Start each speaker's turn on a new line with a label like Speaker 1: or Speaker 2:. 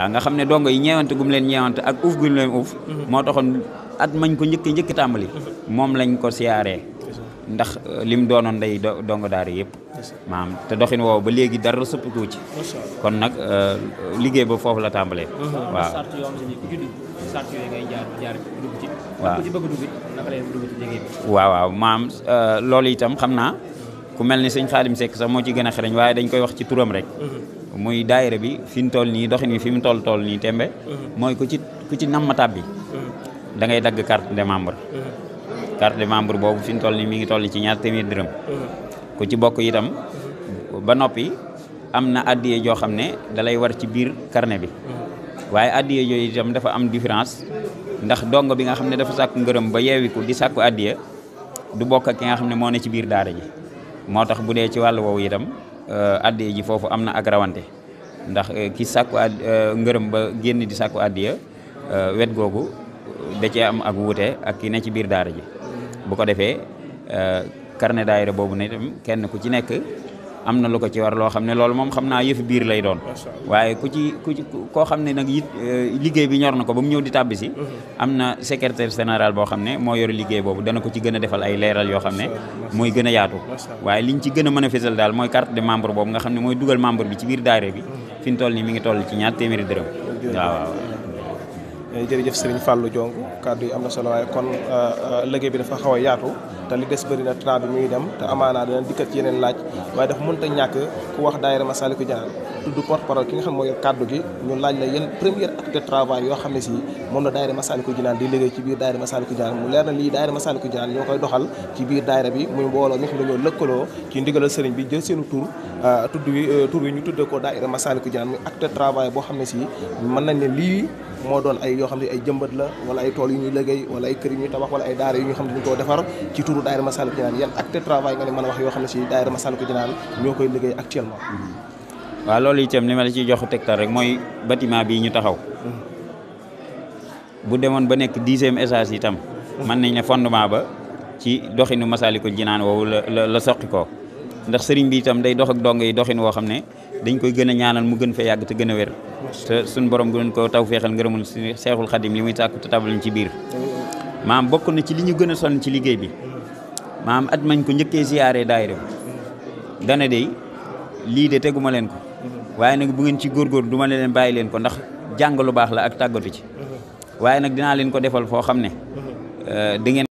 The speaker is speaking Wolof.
Speaker 1: waaw nga xam ne dongo yi ñeewante gum leen ñeewante ak uuf gum leen uuf mhm. moo taxoon at mañ ko njëkk njëkk tàmbali mhm. moom lañ ko siyaaree ndax euh, lim doonoon day dongo daara yëpp maam te doxin woow ba léegi dara sëppikoo ci kon nag euh, liggéey ba foofu la tàmbalee mhm. waaw waaw maam euh, loolu itam xam naa ku mel ni sëñ Xaadim Seck sax moo ci gën a xereñ waaye dañ koy wax ci turam rek muy daayira bi fi mu toll nii doxin wi fi mu toll tool nii tembe mm-hmm. mooy ku ci ku ci nammatab bi mm-hmm. da ngay dagg carte de membre mm-hmm. carte de membre boobu fi mu toll nii mi ngi toll ci ñaar téeméer dërëm ku ci bokk itam ba noppi am na addiye joo xam ne dalay war ci biir carnet bi waaye addiye yooyu itam dafa am différence ndax dongo bi nga xam ne dafa sàkku ngërëm ba yeewiku di sàkku addiye du bokk ak ki nga xam ne moo ne ci biir daara ji moo tax bu dee ci wàllu woowu itam Euh, addiya ji foofu am na agrawante rawante ndax euh, ki sàkku a euh, ngërëm ba génn di sàkku addiya wet googu da cee am ak wuute ak ki ne ci biir daar ji bu ko defee carnet daayira boobu ne itam kenn ku ci nekk am na lu ko ci war loo xam ne loolu moom xam naa yëfi biir lay doon waaye ku ci ku ci koo xam ne nag it eh, liggéey bi ñor na ko ba mu ñëw di tàbbi si mhm. am na secrétaire général boo xam ne moo yor liggéey boobu dana ko ci gën a defal ay yoo xam ne mooy gën a yaatu waaye liñ ci gën a mën a fésal daal mooy carte de membre boobu nga xam ne mooy dugal membre bi ci biir daayira bi mhm. fi mu toll nii mi ngi toll ci ñaar téeméeri dërëm
Speaker 2: waaw waaw eh, jërëjëf Serigne waaye kon eh, liggéey bi dafa xaw a yaatu te li des bëri na tra bi muy dem te amaanaa dana dikkat ci yeneen laaj waaye dafa mënta ñàkk ku wax daayira Masaalikul Jinaan tudd porte ki nga xam mooy kàddu gi ñu laaj la première acte de yoo xam ne si moom la daayira Masaalikul Jinaan di liggéey ci biir daayira Masaalikul Jinaan mu leer na lii daayira Masaalikul Jinaan ñoo ah, tudd euh, ko daayira Masaalikul Jinaan muy acte de travail nañ ne lii moo doon ay yoo xam ne ay jëmbat la wala ay tool yu ñuy liggéey wala ay kër yu ñuy tabax wala ay daara yu ñu xam ne dañ koo defar ci tur membre daayira Massalikoul Djinane yan acte de travail a wax yoo xam ñoo koy liggéey actuellement mm-hmm.
Speaker 1: waaw loolu itam li ma la ciy jox tegtal rek mooy bâtiment bii ñu taxaw mm-hmm. bu demoon ba nekk dixième étage itam man nañ ne fondement ba ci doxinu Massalikoul Djinane woowu la la soqi ko ndax sëriñ bi itam day dox ak dong yi doxin woo xam ne dañ koy gën a ñaanal mu gën fee yàgg te gën a wér te suñ borom bu leen ko taw feexal ngërëmul seexul xadim li muy sàkku te ci biir
Speaker 2: mm-hmm.
Speaker 1: maam bokk na ci li ñu gën a ci liggéey maam at mañ ko njëkkee siyaaree daayira dana dey lii de teguma leen ko waaye nag bu ngeen ci góorgóor duma leen bàyyi leen ko ndax jàng lu baax la ak tàggatu ci mhm. waaye nag dinaa leen ko defal foo xam ne mhm. euh, dangeen